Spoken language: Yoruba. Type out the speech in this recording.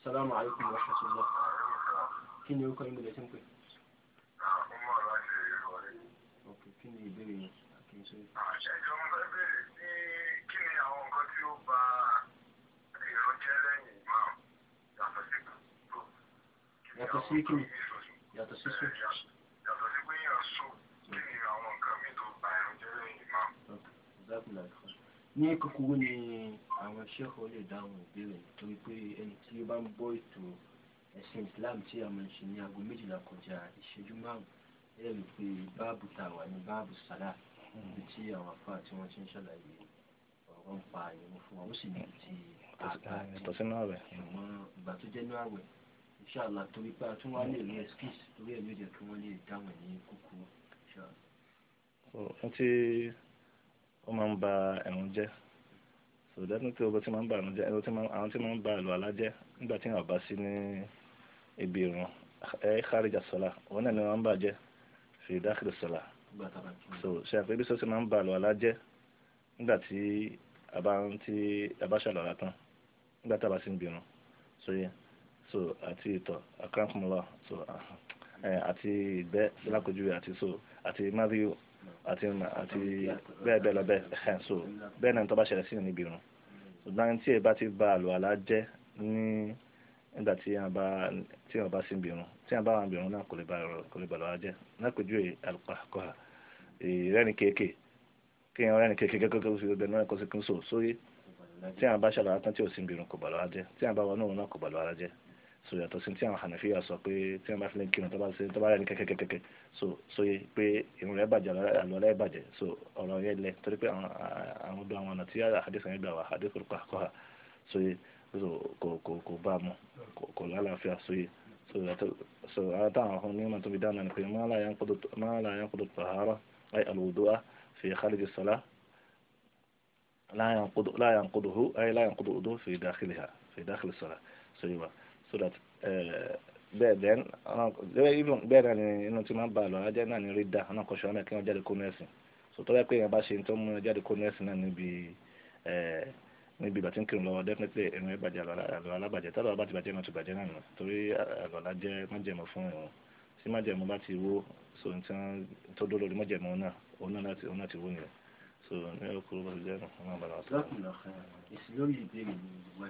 Assalamu alaikum wa rahmatullah kí ni orúkọ ìmọ̀lẹ̀ tí ń pè. ok kí ni ìbéèrè yẹn kì í ṣe. àṣẹjọ ń bẹ bẹ̀rẹ̀ sí kí ni àwọn nǹkan tí ó ba ìran jẹ́ lẹ́yìn máa yàtọ̀ sí kí ni. yàtọ̀ sí kí ni yàtọ̀ sí sùn. ní kúkúrú ni àwọn ṣẹ́kọ̀ọ́ lè dáhùn ìbéèrè torí pé ẹni tí ó bá ń gbọ́ ètò ẹ̀sìn Islam tí a máa ń ṣe ní aago méjìlá kọjá ìṣẹ́jú márùn-ún ẹ̀ lè pe báàbù tàwa ní báàbù sàlá ibi tí àwọn afá tí wọ́n ti ń ṣàlàyé ọ̀rọ̀ ń pa àyẹ̀wò fún wa ó sì ní ti àgbà tí ṣùgbọ́n ìgbà tó jẹ́ náàwẹ̀ ìṣàlà torí pé a tún wá lè rí ẹ̀skíìsì torí ẹ̀ ló jẹ́ kí wọ́n lè dáhùn ní kúkúrú ó máa ń ba ẹ̀rùn jẹ́ so definitely ọba tí máa ń ba ẹ̀rùn jẹ́ ẹ̀rọ tí àwọn tí máa ń ba àlọ́ alájẹ́ nígbà tí wọn bá sí ní ibi ìrùn ẹ̀ kárìjà sọ́la òun náà ni wọ́n ń bàjẹ́ fi dákìlì sọ́la so ṣe àpé bí sọ́sì máa ń ba àlọ́ alájẹ́ nígbà tí àbá tí àbá tán nígbà tí àbá sí ibi ìrùn so yẹ so àti ìtọ̀ àkànkùnmọ́lá so àti ìgbẹ́ lákòjú àti so àti mario àti àti bẹ́ẹ̀ bẹ́ẹ̀ lọ bẹ́ẹ̀ ẹ̀hẹ́n so bẹ́ẹ̀ náà tó bá ṣẹlẹ̀ sí ní ibi irun ṣùgbọ́n tí ẹ bá ti ba àlùwàlá jẹ́ ní nígbà tí wọn bá tí wọn bá sí ibi irun tí wọn bá wà ibi irun náà kò lè ba kò lè ba àlùwàlá jẹ́ lápèjú àlùkọ́hà ìrẹ́ni kéèké kí wọn rẹ́ni kéèké kékeré sí gbogbo náà kó sí kí so sórí tí wọn bá ṣàlàyé tán tí ò sí ibi irun kò ba àlùwàlá jẹ́ tí wọn bá wà náà kò ba àlùwàlá jẹ́ so yàtọ̀ sí tí àwọn hànàfíà sọ pé tí wọ́n bá fi lè kírun tó bá ṣe tó bá rẹ̀ ní kẹ́kẹ́kẹ́kẹ́ so sóye pé irun rẹ̀ bàjẹ́ àlọ́ rẹ̀ bàjẹ́ so ọ̀rọ̀ yẹn lẹ torí pé àwọn àwọn ọdún àwọn ọ̀nà tí àdéhùn sàn yẹn gbà wá àdéhùn kọ́ àkọ́ ha sóye so kò kò kò bá mu kò lálàáfíà sóye so yàtọ̀ so àwọn táwọn ọ̀hún ní màtó fi dáná ni pé má la yanqudu tahara ay alwudu'a fi kharij as-salah la yanquduhu so that eh, bẹ́ẹ̀ then eh, bẹ́ẹ̀ náà ni inú tí máa ń ba àlọ́ ajá náà ni rí dá ọ̀nà kan ṣọ́nà kí wọ́n jáde kó nẹ́ẹ̀sìn so tọ́lá pé èèyàn bá ṣe tó mú jáde kó nẹ́ẹ̀sìn náà níbi eh, níbi ìgbà tí ń kírun lọ́wọ́ definitely ìrìn ìbàjẹ́ àlọ́ alábàjẹ́ tọ́lá bá ti bàjẹ́ náà ti bàjẹ́ náà nù torí àlọ́ alájẹ́ májẹ̀mọ́ fún ìrun tí májẹ̀mọ́ bá ti wó so nǹkan tó dúró lórí májẹ̀mọ́ náà òun náà láti òun náà ti wó nìyẹn so ní ọkùnrin bá ti jẹ́ náà ọ̀nà àbàlà